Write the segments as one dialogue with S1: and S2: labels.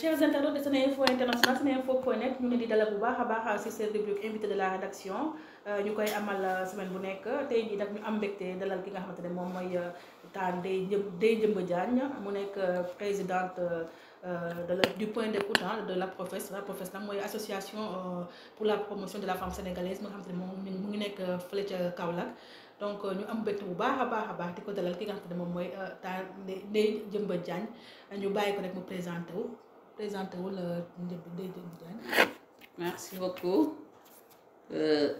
S1: chers internautes de SeneInfo International seneinfo.net ñu ngi di dalal bu baax a baax ci seen rubrique invité de la rédaction euh, ñu koy amal euh, semaine bu nekk tey jii nag ñu am mbégte dalal ki nga xamante ne moom mooy euh, Tane Ndeye Ndeye Ndiémba Diagne mu nekk présidente de la du point d'écoute de la professe la professe mooy association pour la promotion la femme sénégalaise mu nga xamante ne moom mu ngi nekk fële ca Kaolack donc ñu am mbégte bu baax a baax a baax di ko dalal ki nga xamante ne moom mooy Tane Ndeye Ndiémba Diagne ñu bàyyi ko rek mu présenté wu. présenté wala
S2: merci beaucoup euh,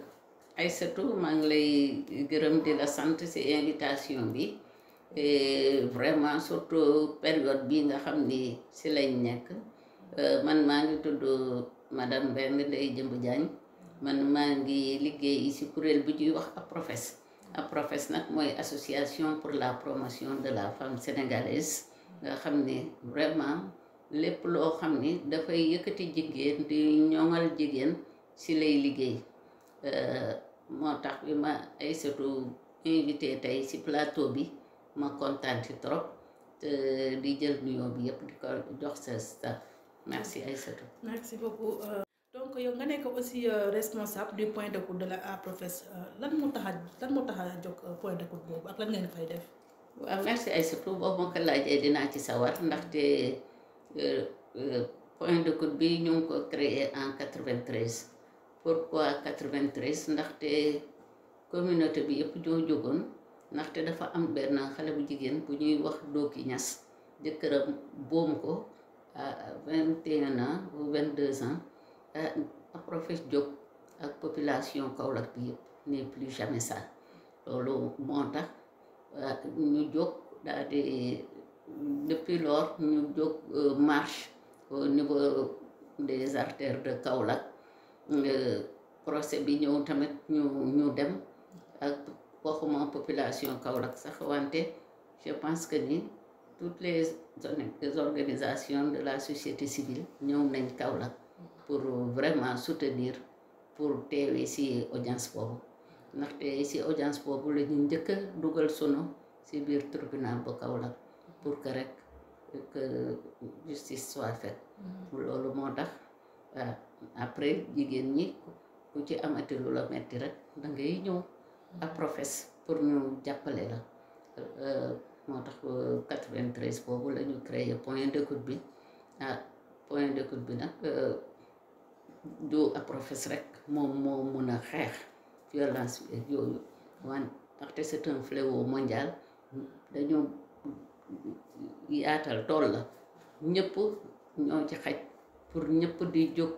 S2: Aïssatou maa ngi lay gërëm di sant ci invitation bi vraiment surtout période bi nga xam ni ci lañ nekk euh, man maa ngi tudd madame Mbengue Ndeye Jëmb Diagne man maa ngi liggéey si kuréel bi ñuy wax APROFES APROFES nag mooy association pour la promotion de la femme sénégalaise nga xam ni vraiment lépp loo xam ni dafay yëkkati jigéen di ñoŋal jigéen si lay liggéey euh, moo tax bi ma ay surtout invité tey si plateau bi ma kontaan ci trop te di jël nuyoo bi yëpp di ko jox sa staff merci ay surtout
S1: merci beaucoup euh, donc yow nga nekk aussi euh, responsable du point d'écoute de la APROFES lan moo tax a lan moo tax a jóg point d'écoute boobu ak lan ngeen fay def
S2: waaw merci ay surtout boobu ma ko dinaa ci sawar ndaxte Eh, eh, point de côte bi ñu ngi ko créé en 93 pourquoi 93 ndaxte communauté bi yëpp ñoo jógoon ndaxte dafa am benn xale bu jigéen bu ñuy wax Dooki Ñas jëkkëram boom ko à 21 ans ou 22 ans eh, a professeur Diop ak population Kaolack bi yëpp n'est plus jamais ça loolu moo tax ñu jóg daal depuis lors ñu jóg euh, marche au niveau des artères de Kaolack euh, procès bi ñëw tamit ñu ñu dem ak waxuma population Kaolack sax wante je pense que ni toutes les organisations de la société civile ñëw nañ Kaolack pour vraiment soutenir pour teewee ci audience boobu ndaxte ci audience boobu la ñu njëkk a dugal sunu ci biir tribunal bu Kaolack pour que rek que justice soit fait mm-hmm. loolu moo tax waaw euh, après jigéen ñi ku ci amati lu la metti rek da ngay ñëw mm-hmm. ak professe pour ñu jàppale la euh, moo tax 93 euh, boobu la ñu créé point d'écoute bi ah point d'écoute bi nag du ak rek moom moo mun a xeex violence yooyu mm-hmm. wante ndaxte c'est un fléau mondial dañoo yaatal tool la ñëpp ñoo ci xaj pour ñëpp di jóg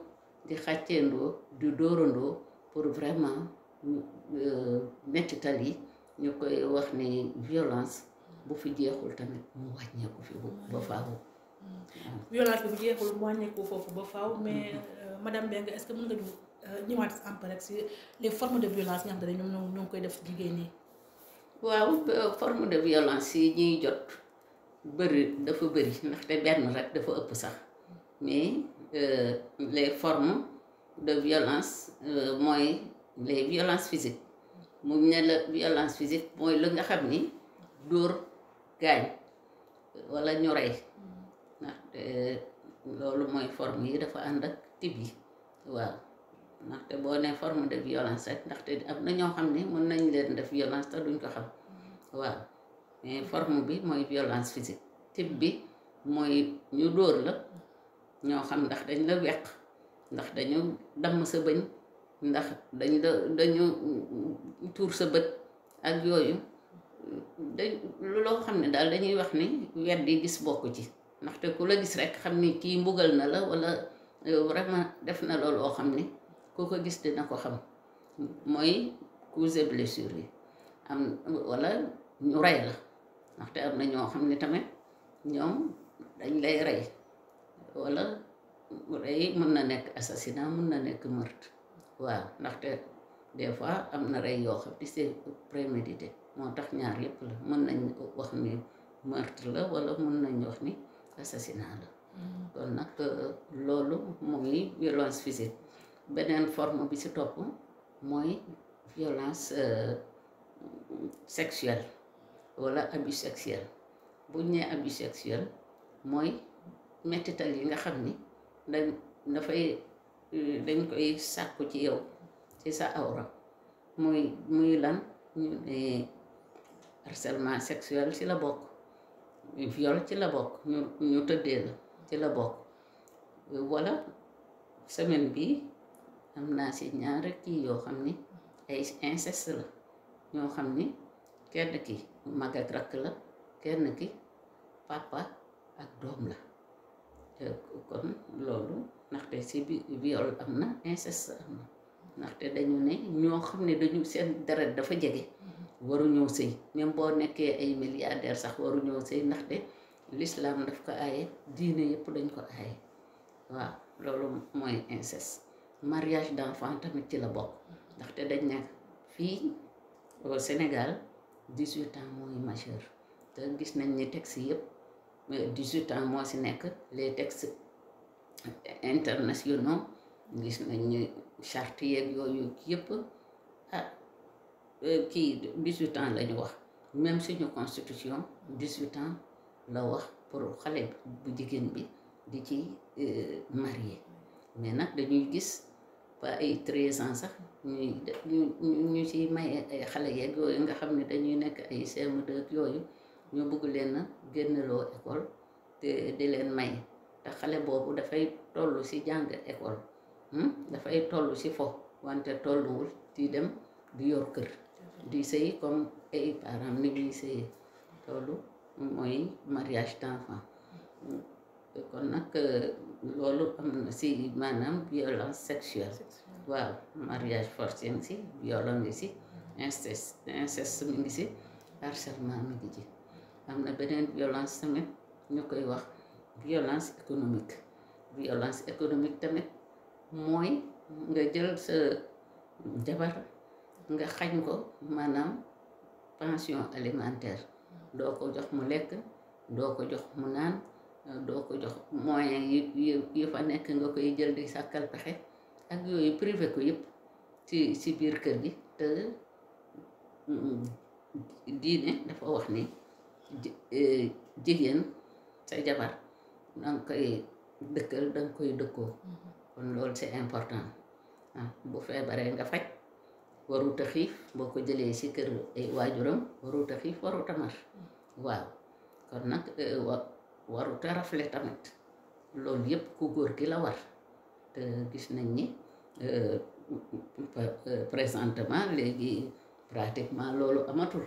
S2: di xàcceendoo di dóorandoo pour vraiment euh, mettital yi ñu koy wax ni violence bu fi jeexul tamit mu wàññeeku
S3: fi ba faaw. Hmm.
S1: violence bi bu jeexul mu wàññeeku foofu ba faaw mais hmm. euh, madame Mbengue est-ce nga ñu euh, ñëwaat am rek si les formes de violence nga xam ne ñoom koy def jigéen ñi.
S2: waaw forme de violence yi ñuy jot. bëri dafa bëri ndaxte benn rek dafa ëpp sax mais euh, les forme de violence euh, mooy les violences physiques mu ne la violence physique mooy la nga xam ni dóor gaañ walla ñu rey ndaxte loolu mooy forme yi dafa ànd ak type yi waaw ndaxte boo ne forme de violence rek ndaxte am na ñoo xam ni mën nañ leen def violence te duñ ko xam waaw Eh, mais bi mooy violence physique type bi mooy ñu dóor la ñoo xam ndax dañ la weq ndax dañu damm sa bëñ ndax dañ la dañu tuur sa bët ak yooyu dañ loo xam ne daal dañuy wax ni weddi gis bokk ci ndaxte ku la gis rek xam ni kii mbugal na la wala eh, vraiment def na loo xam ni ku ko gis dina ko xam mooy coups et blessures yi am wala ñu rey la ndaxte am na ñoo xam ne tamit ñoom dañ lay rey wala rey mën na nekk assassinat mën na nekk meurtre waa ndaxte des fois am na rey yoo xam ne c'est prémédité moo tax ñaar yëpp la mën nañ wax ni meurtre la wala mën nañ wax ni assassinat la hmm. kon nag euh, loolu mooy violence physique beneen forme bi si topp mooy violence euh, sexuelle wala abus buñ ne abus mooy mettital yi nga xam ni dañ dafay dañ koy sàkku ci yow ci sa awra muy muy lan ñu ne sexuel ci la bokk viol ci la bokk ñu ñu tëddee la ci la bokk wala semaine bi am naa si ñaar kii yoo xam ni ay inceste la ñoo xam ni kenn ki mag ak rakk la kenn ki papa ak doom la kon loolu ndaxte si bi viol am na inceste am na ndaxte dañu ne ñoo xam ne dañu seen deret dafa jege waru ñëw sëy même boo nekkee ay milliardaire sax waru ñëw sëy ndaxte l'islam daf ko aaye diine yëpp dañ ko aaye waaw loolu mooy inceste mariage d'enfant tamit ci la bokk ndaxte dañ ne fii au 18 ans mooy majeur te gis nañ ni texte yëpp 18 ans moo si nekk les textes internationaux gis nañ ni charte yeeg yooyu yëpp ah euh, kii 18 ans lañu wax même suñu constitution 18 ans la wax pour xale bu jigéen bi di ci euh, marié mais nag dañuy gis. ba ay treize ans sax ñu ñu ci maye ay xale yeeg yooyu nga xam ne dañuy nekk ay CM2 yooyu ñu bëgg leen génneloo école te di leen may te xale boobu dafay toll ci jàng école hmm? dafay toll ci fo wante tolluwul di dem di yor kër di sëy comme ay parents ni ñuy sëyee loolu mooy mariage d'enfant kon nag euh, loolu am na si maanaam violence sexuelle waaw mariage forcé ngi si viol ngi si mm-hmm. inceste mi ngi si harcèlement mi ngi ci am na beneen violence tamit ñu koy wax violence économique violence économique tamit mooy nga jël sa jabar nga xañ ko maanaam pension alimentaire mm-hmm. doo ko jox mu lekk doo ko jox mu naan doo ko jox moyen yi yi fa nekk nga koy jël di sàkkal pexe ak yooyu privé ko yëpp ci ci biir kër gi te mm, diine dafa wax ni e, jigéen sa jabar danga koy dëkkal danga koy dëkkoo kon loolu c'est important ah, bu feebaree nga faj warut a boo ko jëlee si kër ay waajuram warut a xiif waaw kon nag e, waru te rafle loolu yëpp ku góor ki la war te gis nañ ni euh, euh, présentement léegi pratiquement loolu amatul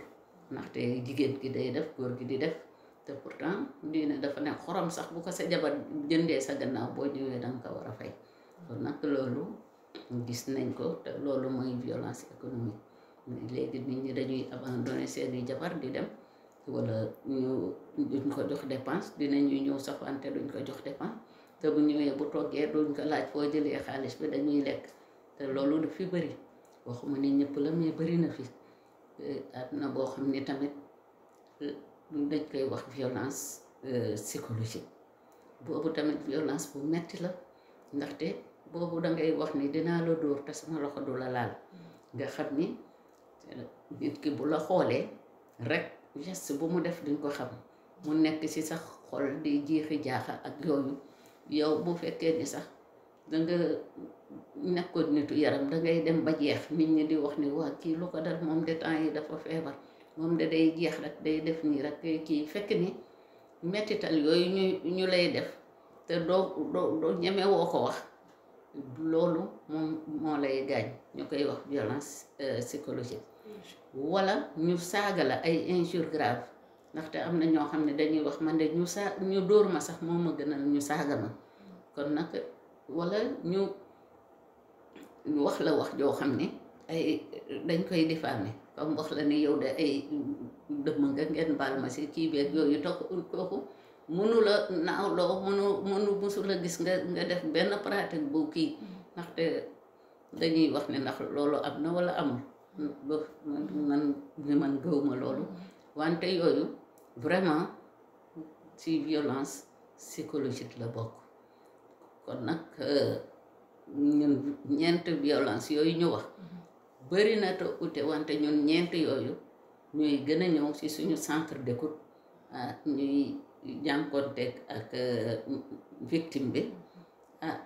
S2: ndaxte jigéen ki day def góor gi di def te pourtant diine dafa ne xorom sax bu ko sa jabar jëndee sa gannaaw boo ñëwee danga ko war a fay kon nag loolu gis nañ ko te loolu mooy violence économique léegi nit ñi dañuy abandonné seeni jabar di dem wala ñu duñ ko jox dépense ñuy ñëw sax wante duñ ko jox dépense te bu ñëwee bu toggee duñ ko laaj foo jëlee xaalis bi dañuy lekk te loolu du fi bëri waxuma ni ñëpp la mais bëri na fi eh, at na boo xam ni tamit eh, dañ koy wax violence eh, psychologique boobu tamit violence bu metti la ndaxte boobu dangay wax ni dinaa la dóor te sama loxo du la laal nga xam ni nit ki bu la xoolee rek geste bu mu def duñ ko xam mu nekk ci sax xol di jiixi jaaxa ak yooyu yow bu fekkee ni sax danga nekkoon nitu yaram dangay dem ba jeex nit ñi di wax ni waa kii lu ko dal moom de temps yi dafa feebar moom da day jeex rek day def nii rek kii fekk ni mettital yooyu ñu ñu lay def te doo doo doo ñeme woo ko wax loolu moom moo lay gaañ ñu koy wax violence euh, psychologique wala ñu saaga la ay injure grave ndaxte am na ñoo xam ne dañuy wax man de ñu saa ñu dóor ma sax moo ma gënal ñu saaga ma kon nag walla ñu wax la wax yoo xam ne ay dañ koy diffamé comme wax la ni yow de ay dëmm nga ngeen baal ma si kii beeg yooyu toog kooku mënu la naaw loo mënu mënu mësu la gis nga def benn pratique boo kii ndaxte dañuy wax ne ndax loolu am na walla amul ba man man gëwma loolu wante yooyu vraiment ci violence psychologique la bokk kon nag euh, ñun ñeent violence yooyu ñu wax bëri na te ute wante ñun ñeent yooyu ñuy gën a ñëw ci suñu centre d'écoute ak ah, ñuy jànkoonteeg ak euh, victime bi ah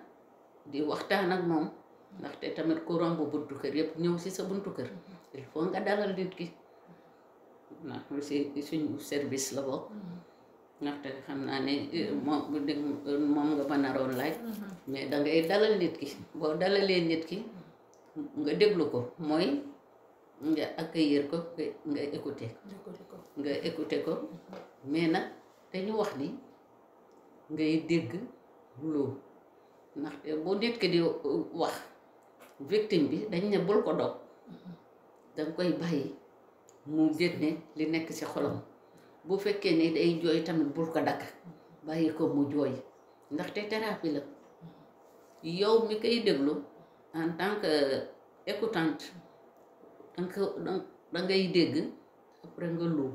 S2: di waxtaan ak moom ndaxte tamit ku romb buntu kër yëpp ñëw ci sa buntu kër il faut nga dalal nit ki ndax si suñu service la bokk mm-hmm. ndaxte xam naa ne euh, moom euh, moom nga ma naroon laaj mm-hmm. mais da ngay dalal nit ki boo dalalee nit ki mm-hmm. nga déglu ko mooy nga accueillir ko nga écouter nga écouter ko mais nag ñu wax ni ngay dégg loolu ndaxte bu nit ki di euh, wax victime bi dañ ne bul ko dog danga koy bàyyi mu génne li nekk ci xolom bu fekkee ni day jooy tamit bul ko dagg bàyyi ko mu jooy ndaxte thérapie la yow mi koy déglu en tant que écoutante danga ngay dégg après nga luum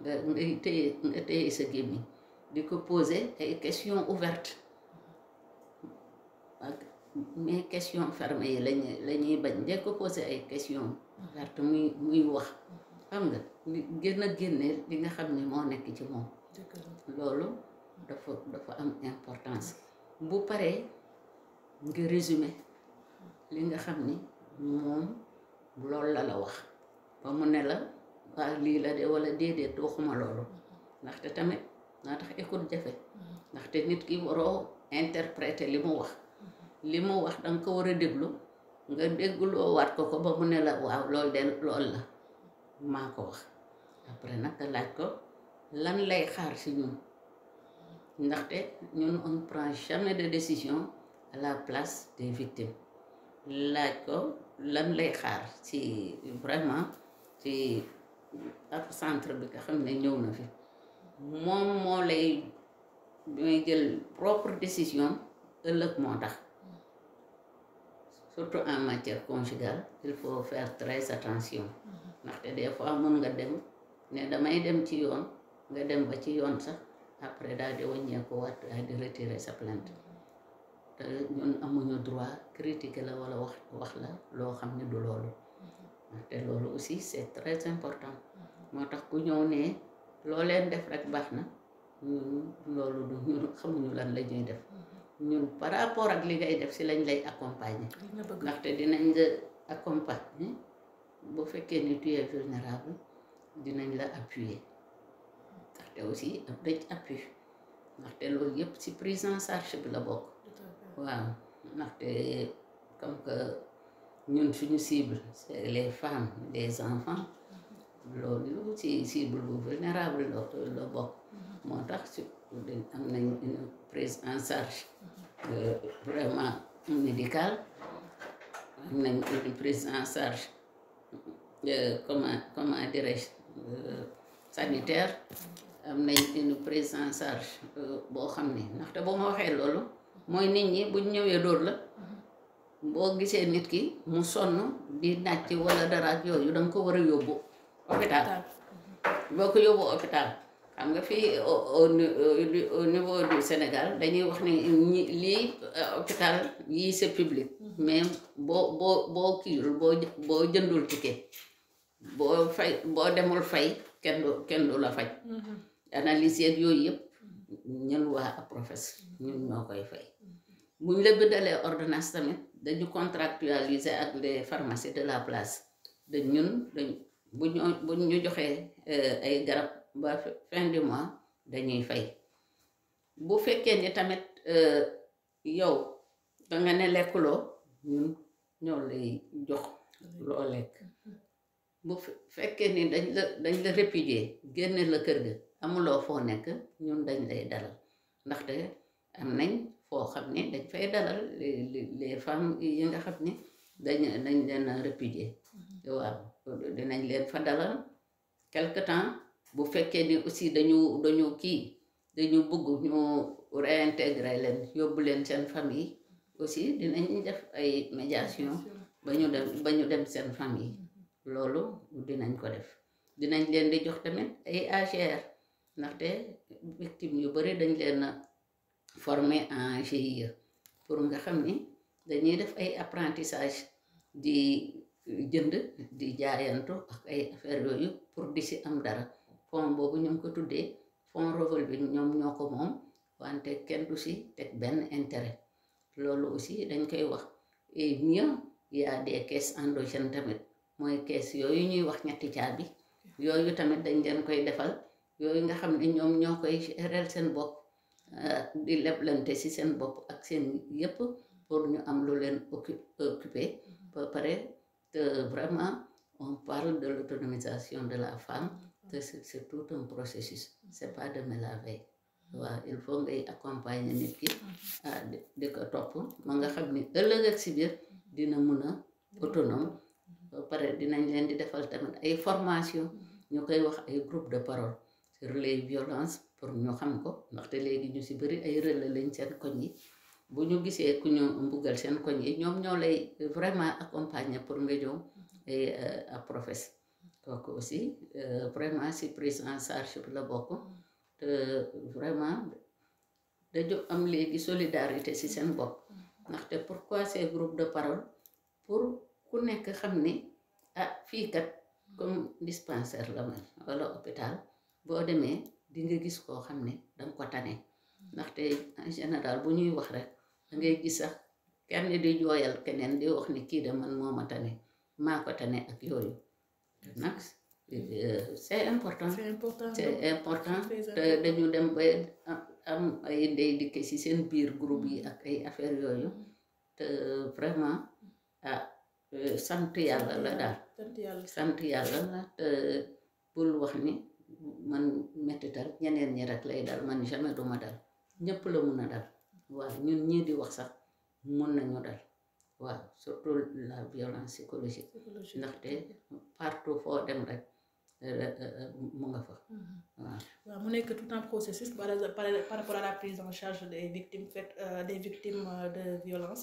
S2: nga ngay téye nga téye sa gémmiñ di ko poser ay questions ouvertes ak mais questions fermées yi lañuy ñuy bañ de ko poser ay questions alerte muy muy wax xam nga gën a génne li nga xam ne moo nekk ci moom loolu dafa dafa am importance bu paree nga résumé li nga xam ni moom loolu la la wax ba mu ne la waa lii la de wala déedéet waxuma loolu ndaxte tamit naa tax écoute jafe ndaxte nit ki waroo interpreté li mu wax li mu wax danga ko war a déglu nga dégguloo waat ko ko ba mu ne la waaw loolu de loolu la maa ko wax après nag nga laaj ko lan lay xaar si ñun ndaxte ñun on prend jamais de décision à la place des victimes laaj ko lan lay xaar si vraiment ci ab centre bi nga xam ne ñëw na fi moom moo lay mooy jël propre décision ëllëg moo tax surtout en matière conjugale il faut faire très attention ndaxte des fois mën nga dem ne damay dem ci yoon nga dem ba ci yoon sax après daal di wàññeeku waat daal di retirer sa plainte te ñun amuñu droit critiquer la wala wax la loo xam ne du loolu ndaxte loolu aussi c'est très important moo tax ku ñëw ne loo def rek baax na loolu du ñun xamuñu lan la ñuy def ñun par rapport ak li ngay def si lañ lay accompagner ndaxte dinañ la accompagner boo fekkee ni tu es vulnérable dinañ la appuyer ndaxte aussi am nañ appui ndaxte loolu yëpp si prise en charge bi la bokk waaw ndaxte comme que ñun suñu cible c'est les femmes les enfants loolu ci cible bu vulnérable la bokk mhm. moo tax ci am nañ une prise en charge
S3: mhm.
S2: euh, vraiment médicale am nañ une prise en charge euh, comment comment dirais euh, sanitaire am nañ une prise en charge boo xam ne ndaxte boo ma waxee loolu mooy nit ñi buñ ñëwee loolu la mhm. boo gisee nit ki mu sonn di nàcc wala dara ak yooyu da ko war a yóbbu hôpital mm-hmm. boo ko yóbbu hôpital xam nga fi au au niveau du Sénégal dañuy wax ni ñi lii euh, hôpital yii c'est public mm-hmm. mais boo boo boo kiirul boo jëndul ticket boo fay boo demul fay kenn du la faj mm-hmm. analyse yooyu yëpp ñun waa APROFES ñun ñoo koy fay buñ la bindalee ordonnance tamit dañu contractualiser ak les pharmacies de la place da ñun dañ bu ñu bu ñu joxee euh, ay garab ba fin du mois dañuy fay bu fekkee ni tamit euh, yow da ne lekkuloo ñun ñoo lay jox loo lekk bu fekkee ni dañ la dañ la répudier génne la kër gi amuloo foo nekk ñun dañ lay dalal ndaxte am nañ foo xam ni dañ fay dalal les femmes yi nga xam ni dañ dañ leen répudier mm-hmm. waaw dinañ leen fa dalal quelque temps bu fekkee ni aussi dañu dañu kii dañu bëgg ñu réintégrer leen yóbbu leen seen famille aussi dinañ def ay médiation ba ñu dem ba ñu dem seen famille loolu dinañ ko def dinañ leen di jox tamit ay AGR ndaxte victime yu bari dañ leen former en GIE pour nga xam ni dañuy def ay apprentissage di jënd di jaayantu ak ay affaire yooyu pour di si am dara fond boobu ñu ko tuddee fond Revel bi ñoom ñoo ko moom wante kenn du si teg benn intérêt loolu aussi dañ koy wax et mieux y a des caisses endogènes tamit mooy caisse yooyu ñuy wax ñetti caabi yooyu tamit dañ leen koy defal yooyu nga xam ne ñoom ñoo koy reel seen bopp euh, di leblante si seen bopp ak seen yépp pour ñu am lu leen occuper ba pare te vraiment on parle de l'autonomisation de la femme te c'est tout un processus c'est pas demain la veille waaw il faut ngay accompagner nit ki di ko topp ma nga xam ni ëllëg ak si biir dina mun a autonome ba pare dinañ leen di defal tamit ay formation ñu koy wax ay groupe de e e e parole sur les violences pour ñu xam ko ndaxte léegi ñu si bëri ay relais lañ seen koñ yi bu ñu gisee ku ñu mbugal seen koñ yi ñoom ñoo lay vraiment accompagner pour nga ñëw à eh, euh, professe kooku aussi euh, vraiment si prise en charge bi la bokk te vraiment dañu am léegi solidarité si seen bopp ndaxte pourquoi ces groupes de parole pour ku nekk xam ni ah fii kat comme dispensaire la mel wala hôpital boo demee di gis koo xam ni danga ko tane ndaxte en général bu ñuy wax rek dangay gis sax kenn di jooyal keneen di wax ni kii de man moo ma tane maa ko tane ak yooyu nag c'est important c'est important te dañu dem ba am ay ndey dikke ci seen biir groupe yi ak ay affaire yooyu te vraiment ah sant yàlla la daal sant yàlla la te bul wax ni man mettital ñeneen ñi rek lay dal man jamais duma dal ñépp la mun a dal waaw ñun ñii di wax sax mun nañu dal waaw surtout la violence psychologique ndaxte partout foo dem rek mu nga fa mhm. waaw
S1: waaw mu nekk tout un processus par par rapport à la prise en charge des victimes euh, euh, de violence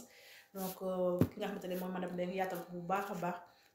S1: donc euh, ki nga xamante ne moom madame Mbengue yaatal bu baax a baax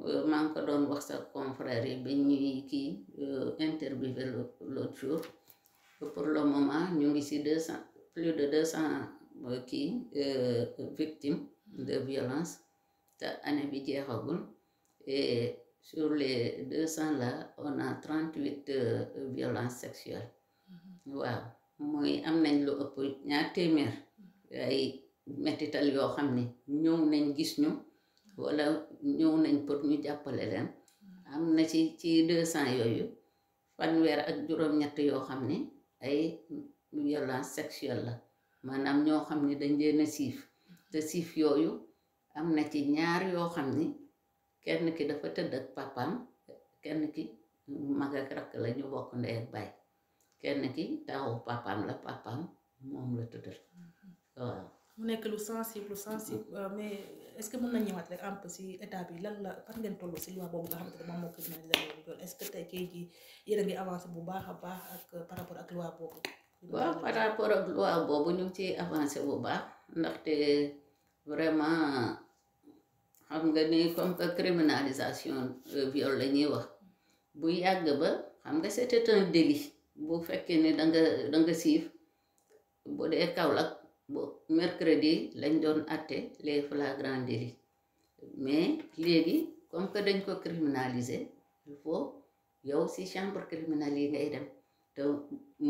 S2: Euh, maa ngi ko doon wax sa confrère yi ba ñuy kii euh, interviewé l'autre jour pour le moment ñu ngi si deux cent plus de deux cent euh, kii victimes de violence te année bi jeexagul et sur les deux cent la on a trent huit violences sexuelles mm-hmm. waaw mooy am nañ lu ëpp ñaar téeméer ay yoo xam ne ñëw nañ gis ñu. wala ñëw nañ pour ñu jàppale leen am na ci ci deux cent yooyu fanweer ak juróom-ñett yoo xam ni ay violence sexuelle la maanaam ñoo xam ni dañ leen a siif te siif yooyu am na ci ñaar yoo xam ni kenn ki dafa tëdd ak papaam kenn ki mag ak rakk la ñu bokk ndey ak baay kenn ki taawu papaam la papaam moom la tëddal mm-hmm. waaw.
S1: est-ce que mën nañ ñëwaat rek un peu état bi lan la fan ngeen toll si loi boobu nga xamante ne moom moo criminalisé que tey kay ji yéen a ngi bu baax a baax par rapport ak loi boobu.
S2: waaw rapport ak loi boobu ñu ngi ciy avancé bu baax ndaxte vraiment xam nga ni comme que criminalisation euh, viol la ñuy wax bu yàgg ba xam nga c'était un délit bu fekkee ne da nga da nga siif bu dee kaw la bu mercredi lañ doon atte les flagrants délits mais léegi comme que dañ ko criminaliser il faut yow si chambre criminelle yi ngay dem te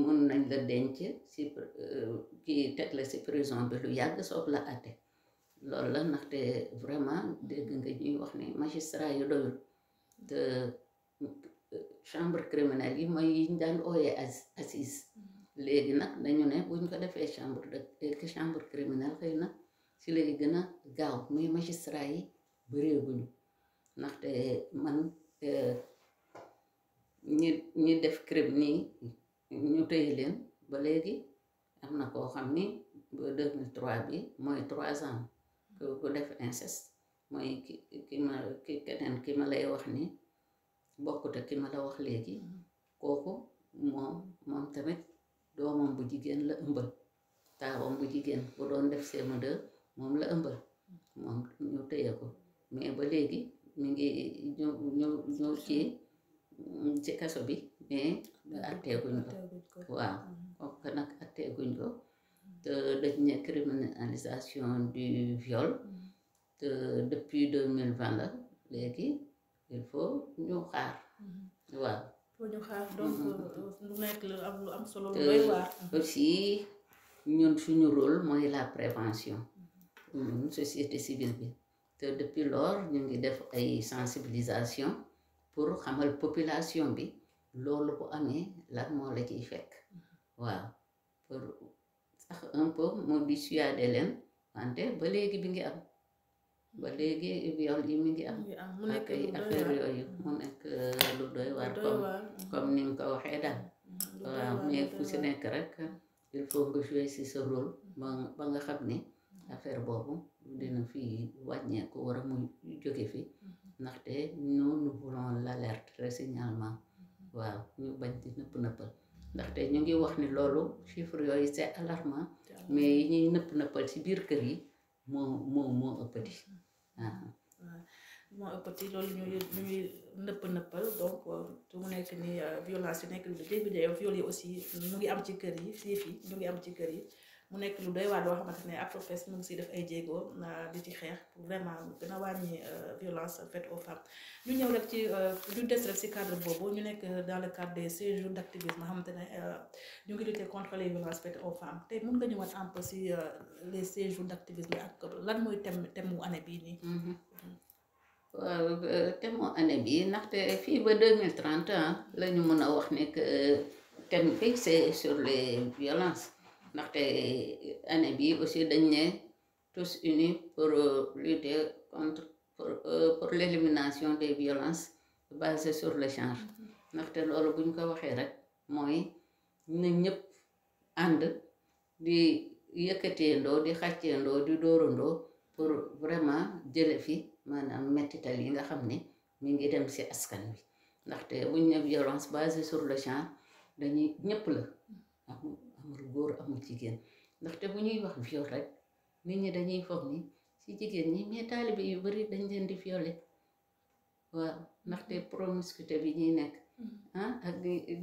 S2: mun nañ la denc si euh, kii teg la si prison bi lu yàgg soog la atte loolu la ndaxte vraiment dégg nga ñuy wax ni magistrat yu doyul euh, chambre criminelle yi mooy yiñ daan ooyee assise léegi nag dañu ne buñ ko defee chambre de eh, chambre criminelle xëy na si léegi gën a gaaw muy magistrat yi bëreeguñu ndaxte man eh, ñi ñi def crime nii ñu tëye leen ba léegi am na koo xam ni ba 2003 bi mooy trois ans ku def inces mooy ki ki ma ki keneen ki ma lay wax nii bokkute ki ma la wax léegi mm-hmm. kooku moom moom tamit doomam bu jigéen la ëmbal taawam bu jigéen bu doon def CM2 moom la ëmbal moom ñu téye ko mais ba léegi mu ngi ñu ñu ñu kii ci kaso bi mais atteeguñ ko waaw mm-hmm. kooku nag atteeguñ ko te dañ ne criminalisation du viol mm-hmm. te depuis deux mille vingt la léegi il faut ñu xaar mm-hmm. waaw
S1: pour ñu mhm. am solo
S3: lu doy waar mhm.
S2: aussi ñun suñu rôle mooy la prévention ñun société civile bi te depuis lors ñu ngi def ay sensibilisation pour xamal population bi loolu ko amee lan moo la ciy fekk mhm. waaw pour sax un peu mu dissuader leen wante ba léegi bi ngi am ba léegi yoon yi mi ngi am ak ay affaire yooyu mu nekk uh, lu doy waar comme comme ni mu ko waxee daal mm-hmm. waaw mais fu si nekk rek il faut nga jouer si sa rôle ba nga xam ni mm-hmm. affaire boobu dina fi wàññeeku war a mu jóge fi mm-hmm. ndaxte nous nous voulons l'alerte le waaw ñu bañ di nëpp nëppal ndaxte ñu ngi wax ni loolu chiffre yooyu c'est alarmant mais yi ñuy nëpp nëppal si biir kër yi moo moo moo ëppati
S1: moo ëpp ci loolu ñu ñuy nëpp nëppal donc su euh, mu nekk nii euh, violence nekk lu début de viol yi aussi ñu ngi am ci kër yi fii fii ñu ngi am ci kër yi mu nekk lu doy waar loo xamante ne Afrofest mu ngi siy def ay jéego di ci xeex pour vraiment gën a wàññi euh, violence faite aux femmes lu ñëw rek ci euh, ñu des rek si cadre boobu ñu nekk dans le cadre des séjours d' activisme xamante ne euh, ñu ngi lutter contre les violences faites aux femmes tey mun nga ñëwaat un si les séjours d' activisme ak lan mooy thème thème mu année bii nii.
S2: waaw mm-hmm. thème mu année bii ndaxte fii ba deux mille trente la lañu mën a wax ne que thème sur les violences. ndaxte eh, année bi aussi dañ ne tous unis pour euh, lutter contre pour euh, pour l'élimination des violences basées sur le genre mm-hmm. ndaxte loolu buñ ko waxee rek mooy na ñëpp ànd di yëkkateendoo di xàcceendoo di dóorandoo pour vraiment jële fi maanaam mettital yi nga xam ni mu ngi dem ci askan bi ndaxte buñ ne violence basée sur le genre dañuy ñëpp la mm-hmm. amul góor amul jigéen ndaxte bu ñuy wax viol rek nit ñi dañuy foog ni ci jigéen ñi mais taalibe yu bari dañ leen di violer waaw ndaxte promiscuité bi ñuy nekk mm-hmm. ah ak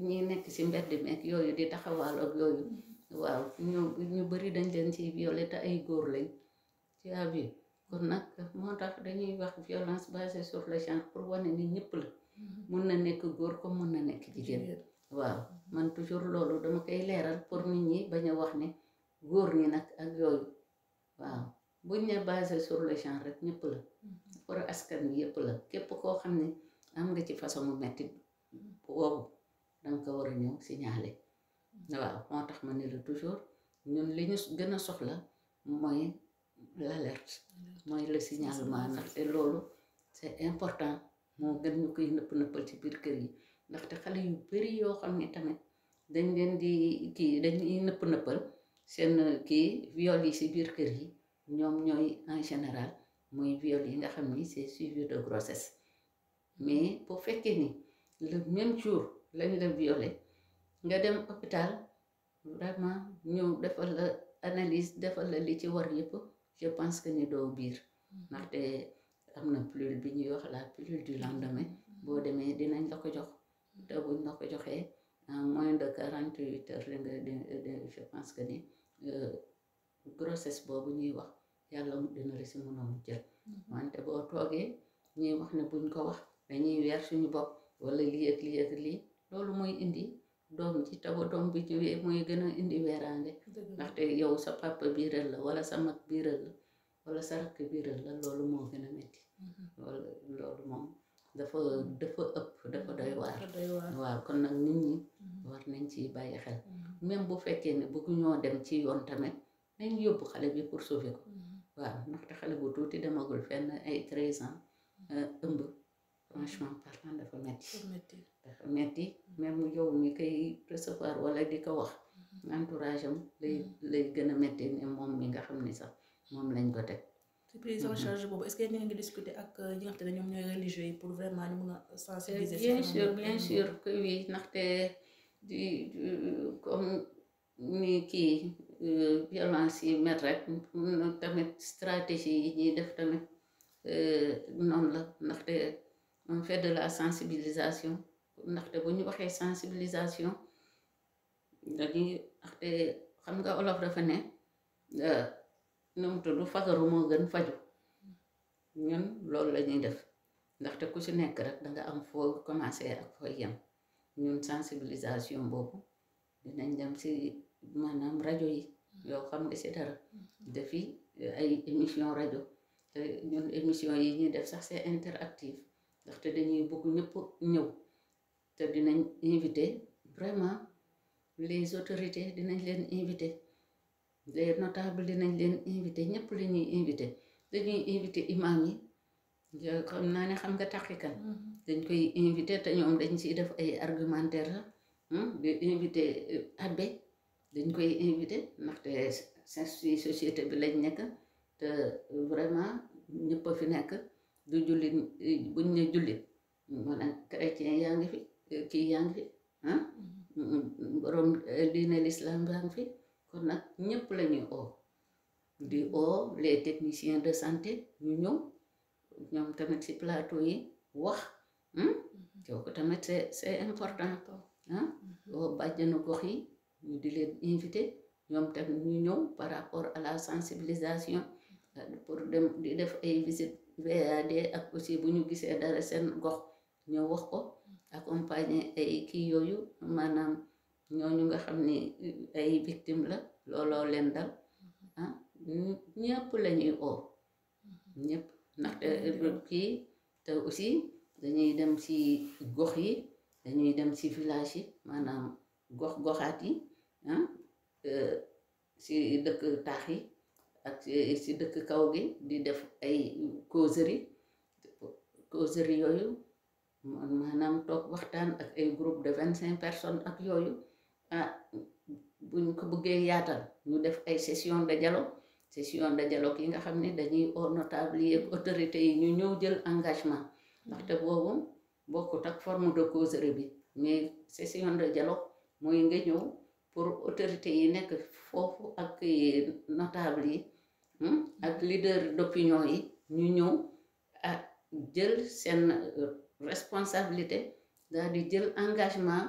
S2: ñi nekk ci mbedd meek yooyu di taxawaal ak yooyu mm-hmm. waaw ñu bari dañ leen ci violer te ay góor lañ ci abi kon nag moo tax dañuy wax violence basée sur le genre pour wane ni ñëpp la mm-hmm. mun na nekk góor comme mun na nekk jigéen waaw man toujours loolu dama koy leeral pour nit ñi bañ a wax ni góor ñi nag ak yooyu waaw buñ ne basé sur le genre rek ñëpp la pour askan bi yëpp la képp koo xam ne am nga ci façon mu metti boobu danga ko war a ñëw signaler waaw moo tax ma ne la toujours ñun li ñu gën a soxla mooy l'alerte mooy le signalement nag te loolu c'est important moo gën ñu koy nëpp nëppal ci biir kër yi ndaxte xale yu bari yoo xam ne tamit dañ leen di kii dañuy nëpp nëppal seen kii viol yi si biir kër yi ñoom ñooy en général mooy viol yi nga xam ni c'est suivi de grossesse mais boo fekkee ni le même jour lañ la violé nga dem hôpital vraiment ñëw defal la analyse defal la li ci war yëpp je pense que ni doo biir ndaxte am na pilule bi ñuy wax la pilule du lendemain boo demee dinañ la ko jox te buñ la ko joxe en moins de quarante huit heures li nga je pense que ni euh, grossesse boobu ñuy wax yàlla dina la si mën a jël
S3: mm-hmm. wante
S2: boo toogee ñuy wax ne buñ ko wax dañuy weer suñu bopp wala lii ak lii loolu mooy indi doom ji taba doom bi jiwee mooy gën a indi weeraange ndaxte yow sa papa biiral la wala sa mag biiral la wala sa rakk biiral la loolu moo gën a metti mm-hmm. loolu moom dafa dafa ëpp dafa doy waar waaw kon nag nit ñi mhm. war nañ ci bàyyi xel mhm. même bu fekkee ne bëgg ñoo dem ci yoon tamit nañ yóbbu xale bi pour sauver ko mhm. waaw ndaxte xale bu tuuti demagul fenn ay treize ans euh, ëmb franchement parlant dafa metti dafa metti même yow mi koy recevoir wala di ko wax entourage am lay lay gën a metti ne moom mi nga xam ni sax moom lañ ko teg
S1: ci prise en mhm. charge boobu est-ce que yéen nga discuter ak euh, ñi nga xam ne ñoom ñooy religieux yi pour vraiment ñu mun a sensibiliser. Euh, bien sûr bien sûr
S2: kii euh, violence yi met rek tamit stratégie yi ñuy def tamit la ndaxte on fait de la sensibilisation ndaxte bu ñu waxee sensibilisation dañuy ndaxte xam nga olof dafa ne. nu mu lu fagaru moo gën faju ñun loolu la ñuy def ndaxte ku si nekk rek danga am foo commencé ak foo yem ñun sensibilisation boobu dinañ dem ci maanaam rajo yi yow xam nga si dara mm-hmm. defi eh, ay émission rajo te ñun émission yi ñuy def sax c'est interactive ndaxte dañuy bëgg ñëpp ñëw te dinañ invité vraiment les autorités dinañ leen invité les notables dinañ leen invité ñëpp la ñuy invité dañuy invité imam yi xam naa ne xam nga taqi mm-hmm. dañ koy invité te ñoom dañ ciy def ay argumentaire la hmm, di invité euh, abbé dañ koy invité ndaxte ci société bi lañ nekk te vraiment ñëpp fi nekk du jullit buñ ne jullit maanaam chrétien yaa ngi fi euh, kii yaa ngi fi ah borom euh, diine l'islam yaa ngi fi kon nag ñëpp la ñuy oo di oo les techniciens de santé ñu ñëw ñoom tamit ci plateau yi wax hmm? mm-hmm. kooku tamit c'est c'est important ah mm-hmm. oo bàjjenu gox yi di leen invité ñoom tamit ñu ñëw par rapport à la sensibilisation euh, pour dem di def ay visite VAD ak aussi bu ñu gisee dara seen gox ñu wax ko mm-hmm. accompagner ay kii yooyu maanaam ñooñu nga xam ni eh, ay victime la looloo leen dal mm-hmm. ah ñëpp la ñuy oo mm-hmm. ñëpp ndaxte eh, kii te aussi dañuy dem ci gox yi dañuy dem ci village yi maanaam gox goxaat yi ah eh, dëkk taax yi ci dëkk kaw gi di def ay causerie causerie yooyu maanaam toog waxtaan ak ay groupe de vingt cinq personnes ak yooyu ah bu ñu ko buggee yaatal ñu def ay session de dialogue session de jaloo yi nga xam ne dañuy au notable yi yi ñu ñëw jël engagement ndaxte boobu bokkut ak forme de causerie bi mais session de dialogue mooy nga ñëw pour autorité yi nekk foofu ak notable yi hmm, ak leader d'opinion yi ñu ñëw ak ah, jël seen responsabilité daal di jël engagement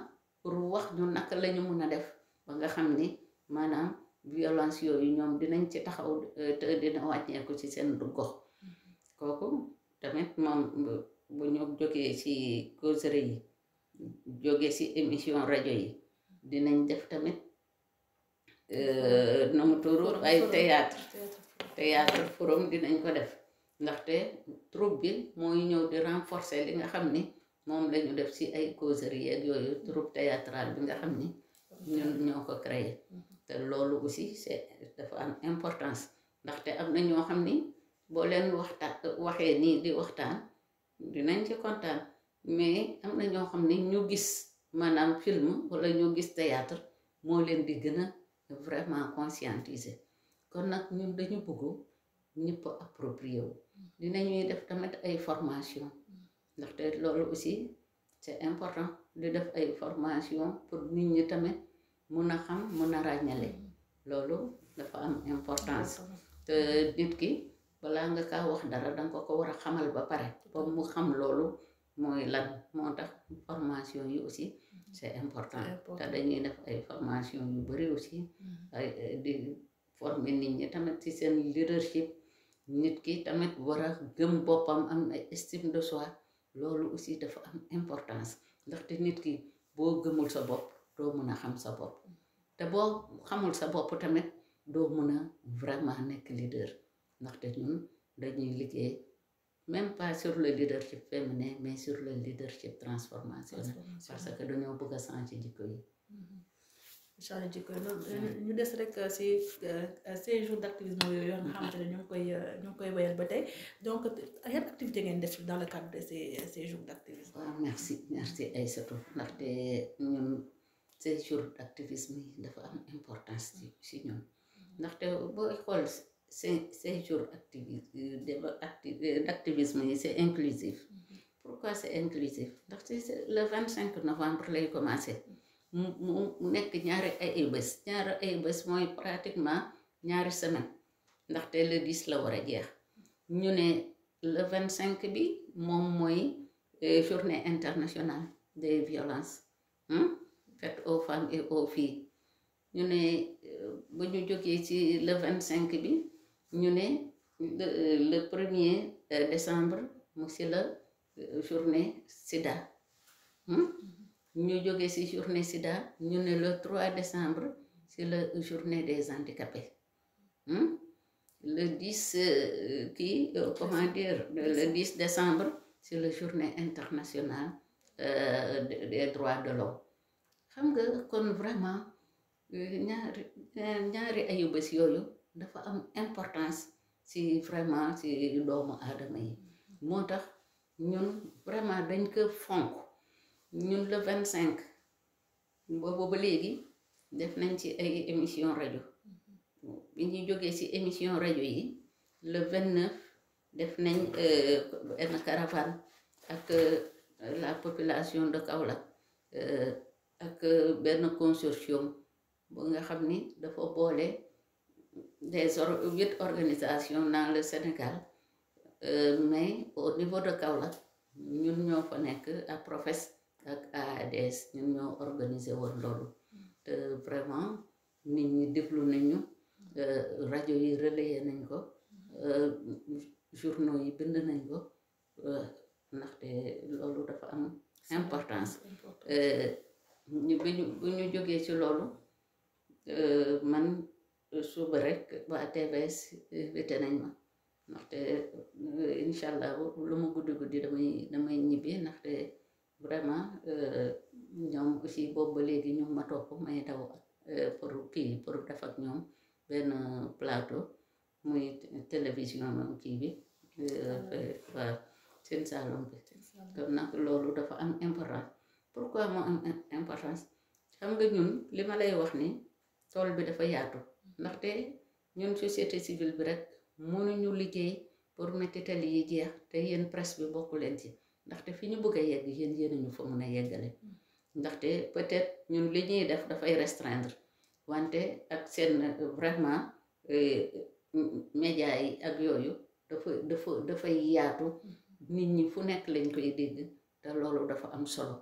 S2: pour wax ñu naka lañu ñu mun a def ba nga xam ni maanaam violence yooyu ñoom dinañ ci taxaw euh, te dina wàññeeku ci seen gox kooku tamit moom bu ñu jógee ci causerie yi jógee ci émission rajo yi dinañ def tamit
S3: euh, na mu turóor ay théâtre
S2: théâtre forum dinañ ko def ndaxte troupe bi mooy ñëw di renforcer li nga xam ni moom lañu def ci ay causerie ak yooyu troupe théâtrale bi nga xam ni ñun ñoo ko créé te loolu aussi c'est dafa am importance ndaxte am na ñoo xam ni boo leen waxtaan waxee nii di waxtaan dinañ ci kontaan mais am na ñoo xam ni ñu gis maanaam film walla ñoo gis théâtre moo leen di gën a vraiment conscientiser kon nag ñun dañu bëgg ñëpp approprié wu dinañuy def tamit ay formation ndaxte loolu aussi c'est important di def ay formation pour nit ñi tamit mun a xam mun a ràññale loolu dafa am importance te nit ki balaa nga ka wax dara danga ko ko war a xamal ba pare ba mu xam loolu mooy lan moo tax formation yi aussi mhm. c'est important te dañuy def ay formation yu bari aussi mhm. ay di former nit ñi tamit ci seen leadership nit ki tamit war a gëm boppam am ay estime de soi loolu aussi dafa am importance ndaxte nit ki boo gëmul sa bopp doo mun a xam sa bopp te boo xamul sa bopp tamit doo mën a vraiment nekk leader ndaxte ñun dañuy liggéey même pas sur le leadership féminin mais sur le leadership transformationnel parce que dañoo bëgg a jikko yi mm-hmm. changer jikko
S1: euh, ñu des rek euh, si ces euh, jours d' activisme yooyu yoo nga ne ñu ngi koy ñu ngi koy wéyal ba tey donc yan activité ngeen def dans le cadre d'
S2: activisme. waaw merci merci Aïssatou ndaxte ñun ces jours d' activisme yi dafa am importance ci si ñun ndaxte boo xool ces ces jours d' activisme yi c' est inclusif mm-hmm. pourquoi c' est inclusif ndaxte le vingt cinq novembre lay commencé. mu nekk ñaari ay bés ñaari ay bés mooy pratiquement ñaari semaine ndaxte le 10 la war a jeex ñu ne le cinq bi moom mooy euh, journée internationale des violences hmm? faites aux femmes et aux ñu ne euh, ba ñu jógee ci le 25 bi ñu ne le euh, premier décembre mu si la journée sida. Hmm? ñu jóge ci journée sida ñu ne le trois décembre c'est la journée des handicapés hmm? le 10 euh, kii euh, comment dire le 10 décembre la journée internationale euh, des droits de l'homme xam nga kon vraiment euh, ñaari euh, ñaari ayubés yooyu dafa am importance ci vraiment ci doomu aadama yi moo tax ñun vraiment dañ ko fonk ñun le vingt cinq boobu ba léegi def nañ ci ay émission rajo bi ñuy jógee ci émission rajo yi le vingt neuf def nañ benn euh, caravane ak euh, la population de Kaolack euh, ak benn consortium bu nga xam ni dafa boole des huit organisations dans le Sénégal mais au niveau de Kaolack ñun ñoo fa nekk à professe ak AADS ñun ñoo organiser woon loolu te vraiment nit ñi déglu nañu mm. euh, rajo yi relayé nañ ko euh, journaux yi bind nañ ko euh, ndaxte loolu dafa am importance ñu bi ñu bu jógee ci loolu man suba rek waa TVS wéte nañ ma ndaxte incha lu ma guddi guddi damay damay ñibbi ndaxte vraiment euh, ñoom aussi boobu ba léegi ñu ma topp may daw euh, pour kii pour def ak ñoom benn plateau muy télévision kii bi euh, ah waaw seen saalum bi kon nag loolu dafa am importance pourquoi moo am importance xam nga ñun li ma lay wax ni tool bi dafa yaatu ndaxte ñun société civile bi rek mënuñu liggéey pour mettital yi jeex te yéen presse bi bokku leen ci ndaxte fi ñu bëgg a yegg yéen yéen ñu fa mën a yeggale ndaxte peut-être ñun li ñuy def dafay restreindre wante ak seen vraiment euh, média yi ak yooyu dafa dafa dafay yaatu nit ñi fu nekk lañ koy dégg te loolu dafa am solo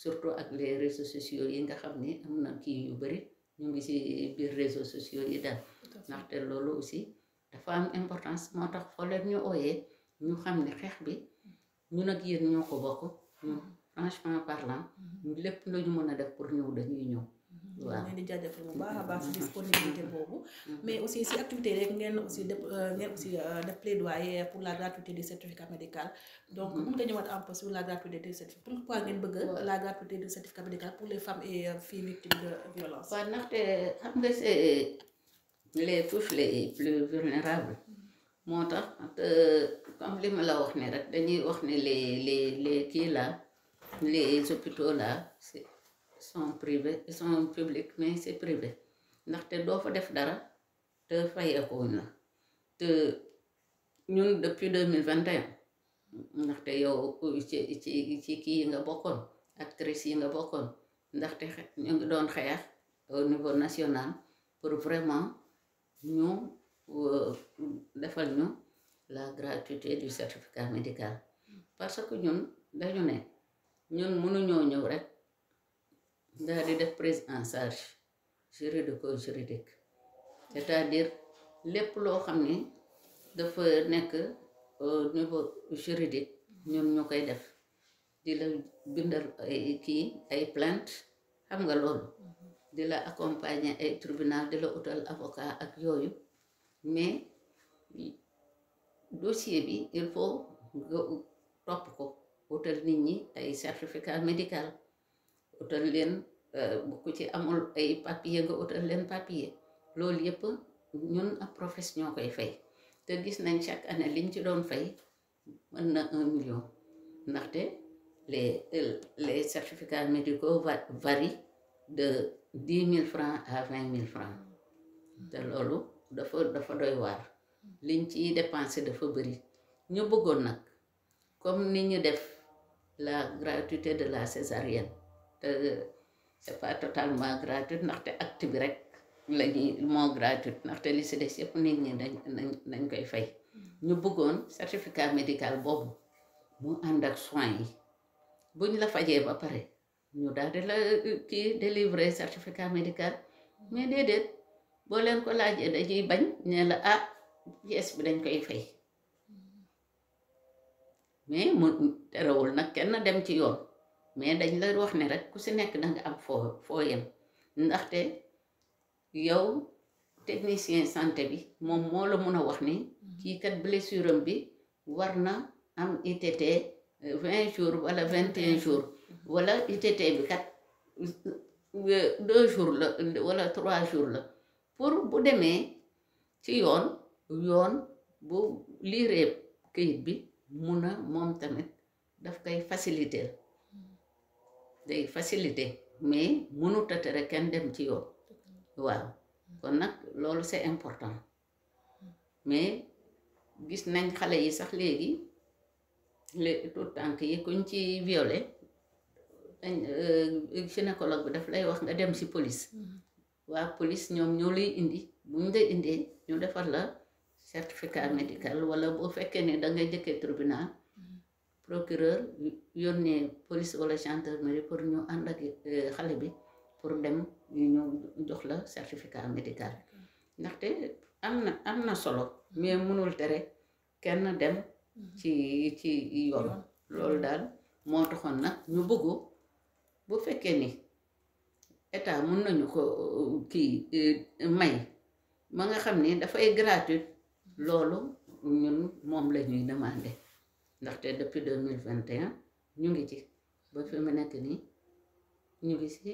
S2: surtout ak les réseaux sociaux yi nga xam ni am na kii yu bari ñu ngi ci biir réseaux sociaux yi daal ndaxte loolu aussi dafa am importance moo tax foo leen ñu ooyee ñu xam ne xeex bi ñun ak yéen ñoo ko bokk ñun mm-hmm. franchement parlant mm-hmm. lépp lu ñu mën a def pour ñëw dañuy ñëw
S3: mm-hmm. waaw
S2: di jaajëfal bu baax baax si
S1: boobu mais aussi si activité rek
S2: ngeen aussi def euh, ngeen aussi euh, def
S1: plaidoyer pour la gratuité de certificat médical donc mën nga ñëwaat un peu la gratuité du certificat pourquoi ngeen bëgg la gratuité du certificat médical pour les femmes et euh, filles de violence waaw ndaxte
S2: xam nga c'est les couches les plus vulnérables moo tax comme li ma la wax ne rek dañuy wax ni les les les kii là les hôpitaux là c'est sont privés sont publics mais c'est privé ndaxte doo fa def dara te fayeekuñ la te ñun depuis deux mille vingt et ndaxte yow ci ci ci kii yi nga bokkoon actrice yi nga bokkoon ndaxte ñu ngi doon xeex au niveau national pour vraiment ñu euh, defal ñu la gratuité du certificat médical parce que ñun dañu ne ñun mënuñoo ñëw rek daal di def prise en charge juridico-juridique c'est-à-dire lépp loo xam ni dafa nekk au niveau juridique ñun ñoo koy def di la bindal ay kii ay plainte xam nga loolu di la accompagner ay tribunal di la utal avocat ak yooyu mais dossier bi il faut nga topp ko wutal nit ñi ay certificat médical wutal leen euh, ku ci amul ay papier nga wutal leen papier loolu yëpp ñun ak profession koy fay te gis nañ chaque année liñ ci doon fay mën na un million ndaxte les les certificats médicaux varient de dix mille francs à vingt mille francs te loolu dafa dafa doy waar liñ ci dépensé dafa bëri ñu bëggoon nag comme ni ñu def la gratuité de la césarienne te c'est pas totalement gratuite ndaxte acte bi rek la moo gratuite ndaxte li si des yëpp nit ñi dañ dañ koy fay ñu bëggoon certificat médical boobu mu ànd ak soins yi buñ la fajee ba pare ñu daal di la euh, kii délivrer certificat médical mais déedéet boo leen ko laajee dañuy bañ ne la ah jees bi dañ koy fay mais mu terewul nag kenn dem ci yoon mais dañ la wax ne rek ku si nekk danga am foo foo yem ndaxte yow technicien santé bi moom moo la mun a wax ni kii kat blessure bi war na am ITT euh, vingt jours wala vingt et jours wala ITT bi kat euh, deux jours wala trois jour la pour bu demee ci yoon yoon bu liiree këyit bi mun a moom tamit daf koy faciliter day facilité mais mënut a tere kenn dem ci yoon waaw kon nag loolu c'est important mais gis nañ xale yi sax léegi léegi tout tànk yi kuñ ci violé dañ euh, gynécologue bi daf lay wax nga dem si police mm-hmm. waa police ñoom ñoo lay indi buñ la indee ñu defar la certificat médical wala boo fekkee ne da ngay jëkkee tribunal mm-hmm. procureur yónnee police wala gendarmerie pour ñu ànd ak euh, xale bi pour dem ñu ñëw jox la certificat médical mm-hmm. ndaxte am na am na solo mais mënul tere kenn dem
S3: mm-hmm. ci
S2: ci yoon loolu daal moo taxoon nag ñu bëggu bu fekkee ni état mën nañu ko euh, kii euh, may ma nga xam ni dafay gratuite loolu ñun moom la ñuy demandé ndaxte depuis deux mille vingt et ñu ngi ci ba fi mu nekk nii ñu ngi ci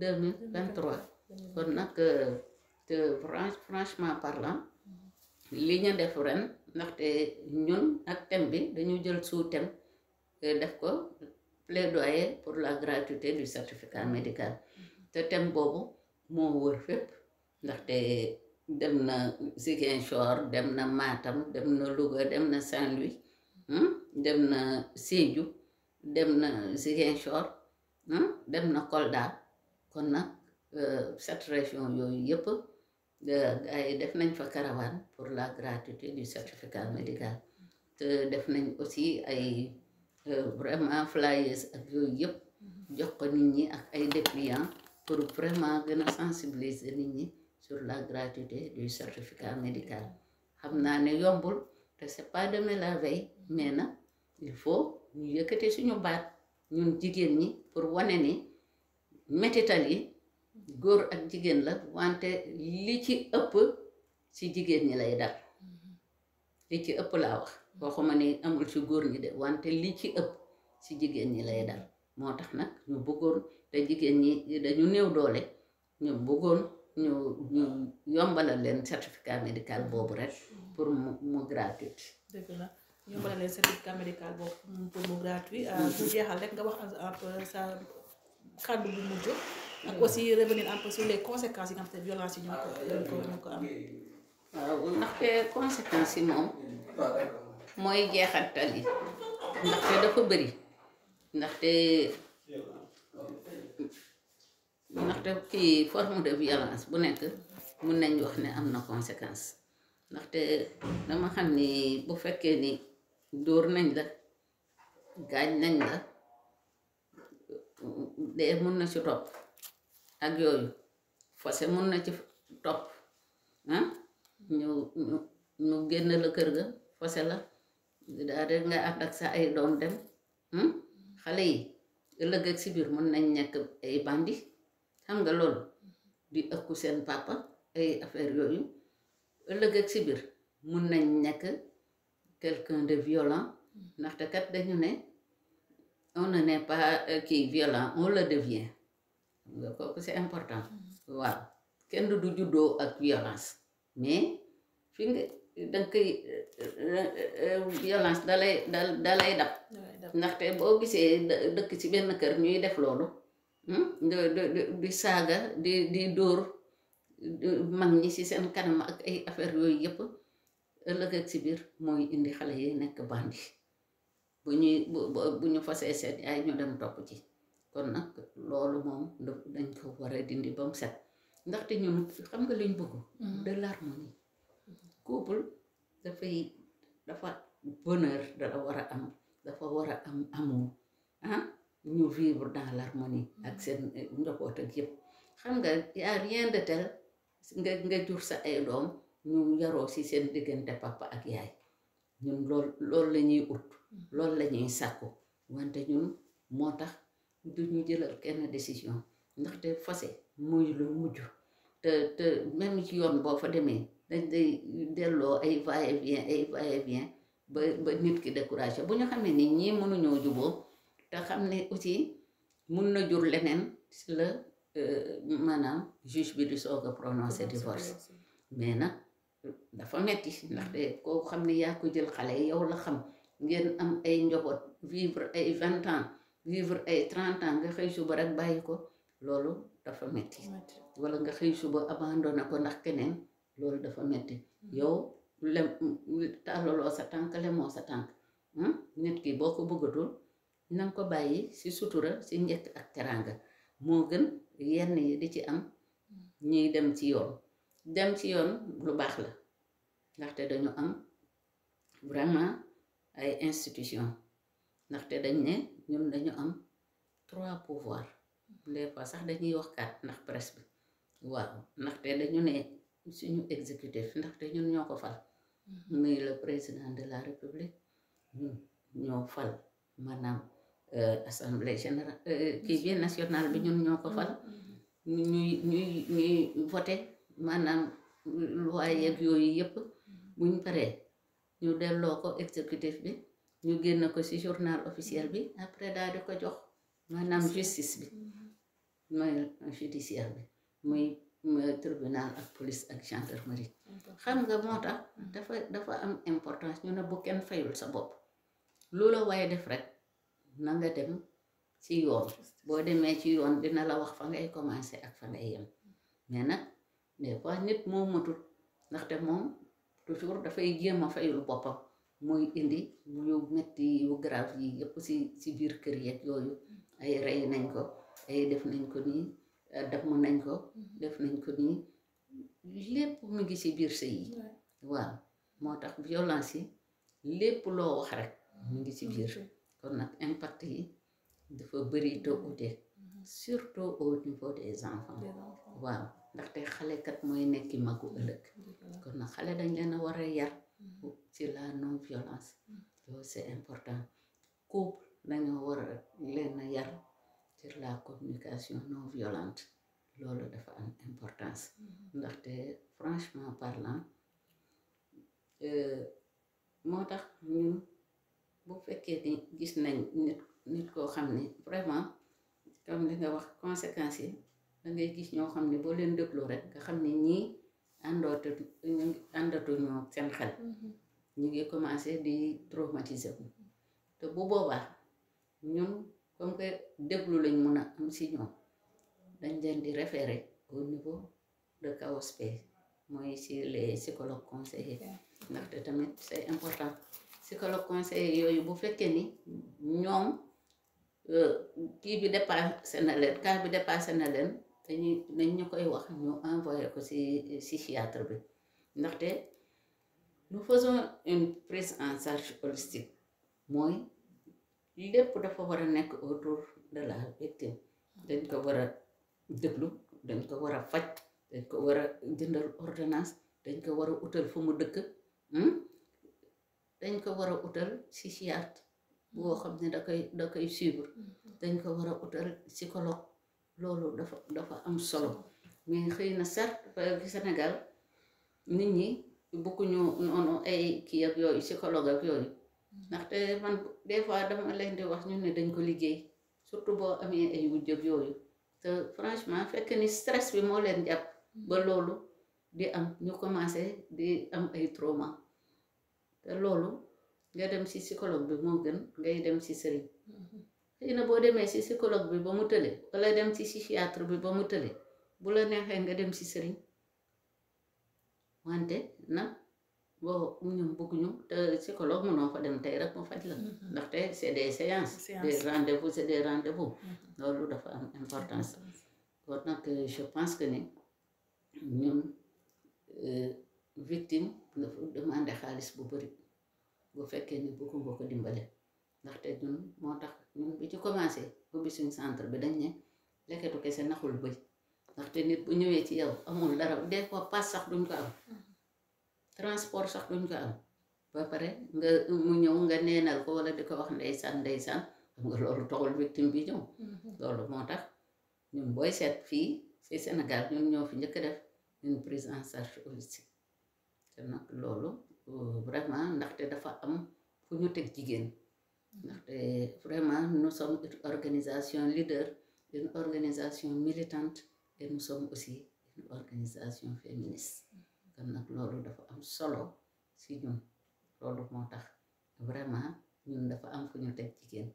S2: deux mille vingt trois kon nag euh, te franchement parlant li ñu def ren ndaxte ñun ak thème bi dañu jël sous thème euh, def ko plaidoyer pour la gratuité du certificat médical mm-hmm. te thème boobu moo wër fépp ndaxte. dem na Ziguinchor dem na maatam dem na Louga dem na Saint-Louis hmm? dem na Sédhiou dem na Ziguinchor hmm? dem na Kolda kon nag cette euh, région yooyu yëpp euh, gars yi def nañ fa caravane pour la gratuité du certificat médical te def nañ aussi ay euh, vraiment flyers ak yooyu yëpp mhm. jox ko nit ñi ak ay dépliants pour vraiment gën a sensibiliser nit ñi sur la gratuité du certificat médical xam naa ne yombul te c'est pas demain la mais na il faut ñu yëkkati suñu baat ñun jigéen ñi pour wane ni metital yi góor ak jigéen la wante li ci ëpp si jigéen ñi lay dal li ci ëpp laa wax waxuma ni amul ci góor ñi de wante li ci ëpp ci jigéen ñi lay dal moo tax nag ñu bëggoon te jigéen ñi dañu néew doole ñu bëggoon ñu ñu yombalal leen certificat médical boobu rek pour mu mu gratuit.
S1: dëgg la yombalal leen certificat médical boobu pour mu gratuit. Ah, mm-hmm. bu jeexal rek nga wax sa kàddu bu mujj. Mm-hmm. ak aussi revenir un peu sur les conséquences yi nga xam ne violence
S2: yi ñu ko ñu ko am. waaw ndaxte conséquences yi moom mooy jeexantal yi ndaxte dafa bëri ndaxte. ndaxte kii forme de violence bu nekk mun nañ wax ne am na conséquence ndaxte dama xam ni bu fekkee ni dóor nañ la gaañ nañ la de mun na si topp ak yooyu fase mun na ci topp ah ñu ñu ñu génn la kër ga fase la daa de nga ànd ak sa ay doom dem hmm, xale yi ëllëg ak si biir mun nañ nekk ay bandi xam nga loolu di ëkku seen papa ay affaire yooyu ëllëg ak si biir mun nañ nekk quelqu'un de violent ndaxte kat dañu ne on ne n'est euh, kii violent on le devient xam nga kooku c'est important waaw kenn du juddoo ak violence mais fi nga danga koy euh, euh, violence dalay da dalay dab ndaxte boo gisee dëkk ci benn kër ñuy def loolu Hmm? di saaga di di dóor mag ñi ci seen kanam ak ay affaire yooyu yëpp ëllëg ak si biir mooy indi xale yi nekk bandi bu ñuy bu ñu fasee seet ay ñu dem topp ci kon nag loolu moom dañ ko war a dindi ba set ndaxte ñun xam nga liñ bëgg hmm. de l'harmonie couple dafay dafa bonheur dala war a am dafa war a am amour ah? ñu vivre dans l'harmonie ak seen njaboot ak yëpp xam nga y a rien de tel nga nga jur sa ay doom ñu yaroo si seen diggante papa ak yaay ñun lool loolu la ñuy ut loolu la ñuy sàkku wante ñun moo tax du ñu jëlal kenn décision ndaxte fase muy lu mujj te te même ci yoon boo fa demee dañ day delloo ay va et ay va et ba ba nit ki découragé bu ñu xamee ni ñii mënuñoo juboo te xam ne aussi mun na jur leneen si la euh, maanaam juge bi di soog a prononcé divorce mais nag dafa metti ndaxte koo xam ne yaa ko jël xale yow la xam ngeen am ay njaboot vivre ay vingt vivre ay trente nga xëy suba rek bàyyi ko loolu dafa metti wala nga xëy suba abandonné ko ndax keneen loolu dafa metti hmm. yow lem tàllaloo sa tànk lemoo sa tànk hmm? nit ki boo ko bëggatul na ko bàyyi ci sutura ci njëkk ak teraanga moo gën yenn yi di ci am ñuy dem ci yoon dem ci yoon lu baax la ndaxte dañu am vraiment ay institution ndaxte dañ ne ñun dañu am trois pouvoirs des fois sax dañuy wax quatre ndax presse bi waaw ndaxte dañu ne suñu exécutif ndaxte ñun ñoo ko fal
S3: mm-hmm.
S2: muy la président de la république ñun ñoo fal maanaam assemblée générale kii euh, euh, bi nationale bi ñun ñoo ko fal mm-hmm. ñuy ñuy ñuy voté maanaam loi yooyu yëpp mm-hmm. buñ paree ñu delloo ko exécutif bi ñu génn ko ci journal officiel bi après daal di ko jox maanaam justice bi mm-hmm. mooy judiciaire bi muy tribunal ak police ak gendarmerie xam nga moo tax dafa dafa am importance ñu ne bu kenn fayul sa bopp loola waaye def rek na nga dem ci yoon boo demee ci yoon dina la wax fa ngay commencer ak fa ngay yem mais nag des fois nit moo matul ndaxte moom toujours dafay jéem a fayul boppam mooy indi yu metti yu grave yi yëpp ci ci biir kër yeeg yooyu ay rey nañ ko ay def nañ ko nii damm nañ ko def nañ ko nii lépp mu ngi ci biir sëy yi waaw moo tax violence yi lépp loo wax rek mu ngi ci biir kon nag imparte yi dafa bëri te uute mhm. surtout au niveau des enfants waaw ndaxte xale kat mooy nekki magu ëllëg kon nag xale dañ leen a war a yar mhm. ci la non violence mhm. loolu c'est important couple dañoo war a leen a yar ci la communication non violente loolu dafa am importance ndaxte franchement parlant euh, moo tax bu fekkee ni gis nañ nit nit koo xam ni vraiment comme li nga wax conséquences yi da ngay gis ñoo xam ni boo leen déglu rek nga xam ni ñii àndootu àndatuñu seen xel mhm. ñu ngi commencé di traumatiser wu te bu boobaa ñoom comme que déglu lañ mun a am si ñoom dañ leen di référer au niveau de CAOSP mooy si les psychologues conseillers ndaxte tamit c'est important psychologue conseiller yooyu bu fekkee ni ñoom euh, kii bi dépassé na leen cas bi dépassé na leen dañuy dañ ñu koy wax ñu envoyé ko ci euh, psychiatre bi ndaxte nous façon une prise en charge holistique mooy lépp dafa war a nekk autour de la victime dañ ko war a déglu dañ ko war a faj dañ ko war a jëndal ordinance dañ ko war a utal fu mu dëkk hmm? dañ ko war a utal psychiatre boo xam ne da koy da koy suivre mm-hmm. dañ ko war a utal psychologue loolu dafa dafa am solo mais xëy na certes Sénégal nit ñi bokkuñu noonu ay kii ak yooyu psychologue ak yooyu mm-hmm. ndaxte man des fois dama leen di wax ñu ne dañ ko liggéey surtout boo amee ay wujj ak yooyu te franchement fekk ni stress bi moo leen jàpp ba mm-hmm. loolu di am ñu commencé di am ay trauma te loolu nga dem si psychologue bi moo gën ngay dem si sëriñ mhm. xëy na boo demee si psychologue bi ba mu tële wala dem si psychiatre bi ba mu tële bu la neexee nga dem si sëriñ wante nag boo ñun bëgguñu te psychologue mënoo fa dem tey rek mu faj la mhm. ndaxte c'est des séances des rendez-vous c'est des rendez-vous mhm. loolu dafa am importance kon nag euh, je pense que ni ñun euh, victime nga demandé xaalis bu bëri bu fekkee ni bëgg nga ko dimbale ndaxte ñun moo tax ñun bi ci commencé ubbi suñu centre bi dañ ne leketu kese naxul bëy ndaxte nit bu ñëwee ci yow amul dara des ko pass sax duñ ko am transport sax duñ ko am ba pare nga mu ñëw nga neenal ko wala di ko wax ndeysaan ndeysaan xam nga loolu toxul victime bi ñëw mhm. loolu moo tax ñun booy seet fii si Sénégal ñun ñëw fi njëkk def une prise en charge te nag loolu euh, vraiment ndaxte dafa am fu ñu teg jigéen mm-hmm. ndaxte vraiment nous sommes une organisation leader organisation militante et aussi une organisation féministe mm-hmm. kon nag loolu dafa am solo si ñun loolu moo tax vraiment ñun dafa am fu ñu teg jigéen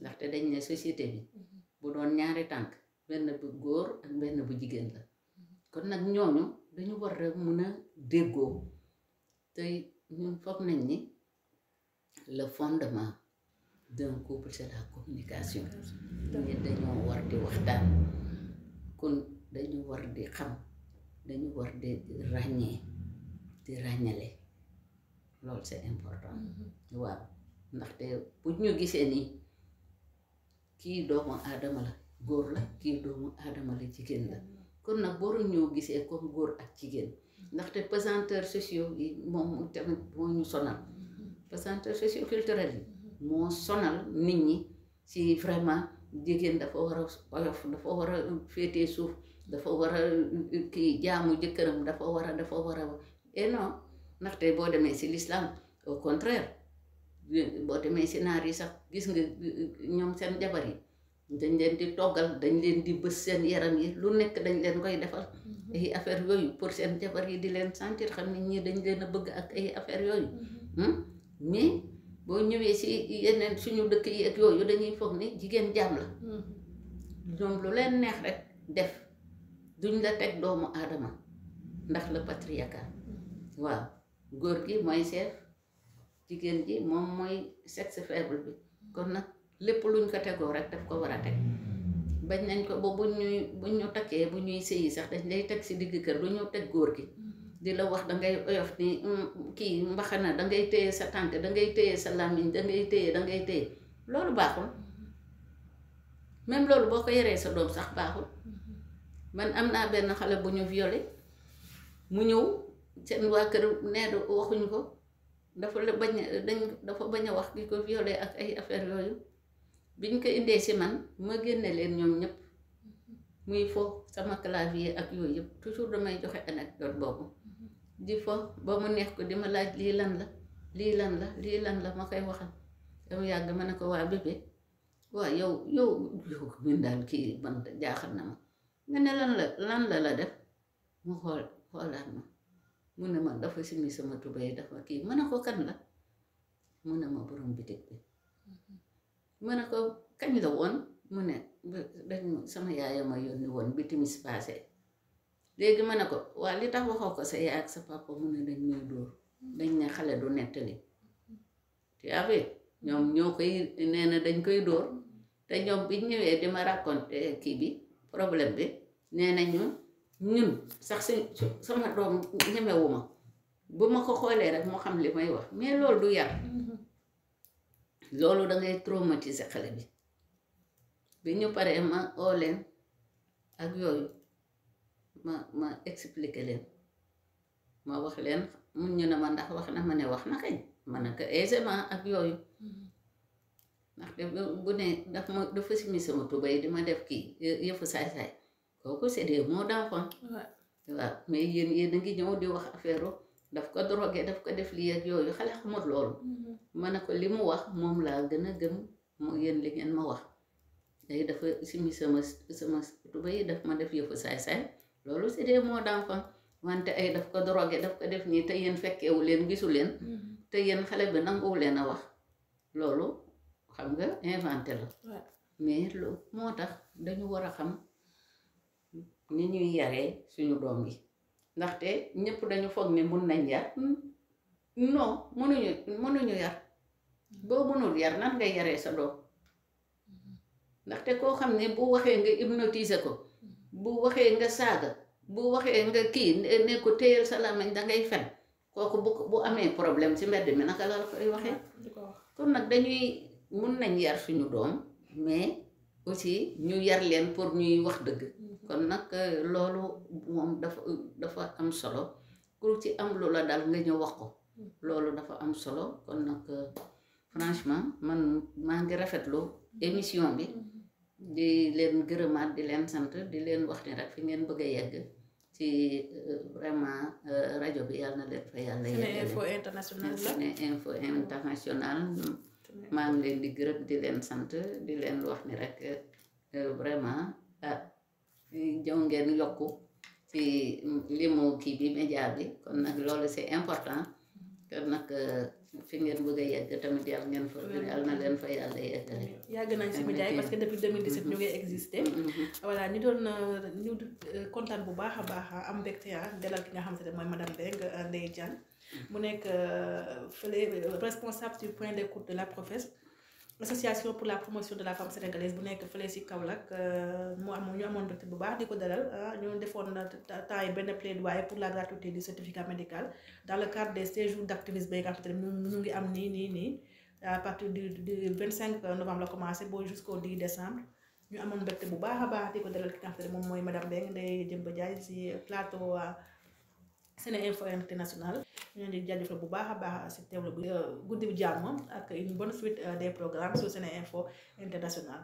S2: ndaxte dañ ne société bi mm-hmm. bu doon ñaari tànk benn bu góor ak benn bu jigéen la kon nag ñooñu dañu war a a déggoo te ñu foog nañ ni le fondement d'un couple c'est communication nit dañoo war di waxtaan kon dañu war di xam dañu war di ràññee di ràññale loolu c'est important mm-hmm. waaw ndaxte bu ñu gisee nii kii doomu aadama la góor la kii doomu aadama la jigéen la mm-hmm. kon nag waruñoo gisee comme góor ak jigéen ndaxte pesanteur sociaux yi moom tamit moo ñu sonal pesanteur socio culturel yi moo sonal nit ñi ci vraiment jigéen dafa war a oyof dafa war a féetee suuf dafa war a ki jaamu jëkkëram dafa war a dafa war a et ndaxte boo demee ci l'islam au contraire boo demee ci naar yi sax gis nga ñoom seen jabar yi dañ leen di toggal dañ leen di bës seen yaram yi lu nekk dañ leen koy defal mm-hmm. ay affaire yooyu pour seen jabar yi di leen sentir xam ne ñii dañ leen a bëgg ak ay affaire yooyu mm-hmm. hmm? mais boo ñëwee si yeneen suñu dëkk yi ak yooyu dañuy foog ni jigéen jaam la ñoom mm-hmm. lu leen neex rek def duñ la teg doomu aadama ndax la patriarcat waaw góor gi mooy chef jigéen ji moom mooy sexe faible bi kon nag lépp luñ ko tegoo rek daf ko war a teg bañ nañ ko ba bu ñuy bu ñu takkee bu ñuy sëyi sax dañ lay teg si digg kër du ñëw teg góor gi di la wax dangay oyof ni mm, kii mbaxana dangay téye sa tànk dangay téye sa làmmiñ dangay téye dangay téye loolu baaxul même loolu boo ko yaree sa doom sax baaxul man am naa benn xale bu ñu violé mu ñëw seen waa kër nee waxuñ ko dafa la bañ dañ dafa bañ a wax ki ko violé ak ay affaire yooyu bi ñu ko indee si man ma génne leen ñoom ñëpp muy fo sama clavier ak yooyu yëpp toujours damay joxe anecdote boobu di fo ba mu neex ko di ma laaj lii lan la lii lan la lii lan la ma koy waxal dama yàgg ma ne ko waa bébé waa yow yow yow min kii man na ma lan la lan la la def mu xool xoolaat ma mu ne ma dafa simi sama tubéy dafa kii ma ne ko kan la mu ne ma borom bitig bi mën a ko kañ la woon mu ne dañ sama yaay ma yónni woon bi timis passé léegi ma ne ko waa li tax waxoo ko sa yaay ak sa papa mu ne dañ may dóor dañ ne xale du nettali tu as ñoom ñoo koy nee na dañ koy dóor te ñoom bi ñëwee di ma raconté kii bi problème bi nee na ñu ñun sax si sama doom ñemewuma bu ma ko xoolee rek mu xam li may wax mais loolu du yar mm-hmm. loolu dangay traumatiser xale bi bi ñu paree ma oo leen ak yooyu ma ma expliquer leen ma wax leen mun ñu ne ma ndax wax na ma ne wax na kañ ma ne ko aisément ak yooyu ndaxte bu ne daf ma dafa simi sama tubéy di ma def kii yëfu saay-saay kooku moo des mots d'enfant waaw mais yéen yéen ngi ñëw di wax affaire daf ko drogué daf ko def lii ak yooyu xale xamut loolu mm-hmm. ma ne ko li mu wax moom laa gën a gën mu yéen li ngeen ma wax day dafa simi sama sama tuba yi daf ma def yëfu saay-saay loolu c'est des mots d'enfant wante ay daf ko drogué daf ko def nii te yéen fekkewu leen gisu leen mm-hmm. te yéen xale bi nanguwu leen a wax loolu xam nga inventé la mais lu moo tax dañu war a xam ni ñuy yaree suñu doom gi ndaxte ñëpp dañu foog ne mun nañ yar non mënuñu mënuñu yar boo mënul yar nan ngay yaree sa doom ndaxte koo xam ne bu waxee nga hypnotiser ko bu waxee nga saaga bu waxee nga kii ne ko téyal sa làmmiñ dangay fen kooku bu amee problème ci mbedd mi naka la koy waxee ah, kon nag dañuy mun nañ yar suñu doom mais aussi ñu yar leen pour ñuy wax dëgg mm-hmm. kon nag euh, loolu moom dafa dafa am solo ku ci am lu la dal nga ñëw wax ko mm-hmm. loolu dafa am solo kon nag euh, franchement man maa ngi rafetlu mm-hmm. émission bi di leen gërëmaat di leen sant di leen wax ni rek fi ngeen bëgg a yegg ci euh, vraiment rajo bi yàlla na leen fa yàlla yeggale Sene Info International maa ngi leen di gërëm di leen sant di leen wax ni rek euh, vraiment ah jëw ngeen yokku ci limu kii bi média bi kon nag loolu c'est important kon nag euh, fi ngeen bëgg a yegg tamit yàlla ngeen fa yàlla na leen fa yàgg nañ si média yi parce que depuis 2017 ñu ngi mm-hmm.
S1: existé mm-hmm. voilà ñu doon euh, ñu kontaan bu baax a baax am mbégte ah, dalal ki nga xam te ne mooy madame Mbengue Ndeye Diagne mu nekk euh, fële euh, responsable du point d'écoute de la professe association pour la promotion de la femme sénégalaise bu nekk fële si Kaolack euh, mu am ñu amoon bu baax di ko dalal ah, ñu defoon temps yi benn plaidoyer pour la gratuité du certificat médical dans le cadre des séjours d' activisme nii nii nii à partir du du 25 novembre la commencé boo jusqu'au 10 décembre. ñu amoon mbégte bu baax a baax di ko dalal ki nga xam ne moom mooy madame Mbengue Ndeye Dièmba Ndiaye si plateau Sene Info International ñoo ngi jaajëfal bu baax a baax si teewlu bi euh, guddi bu jàmm ak une bonne suite euh, des programmes sur Sene Info International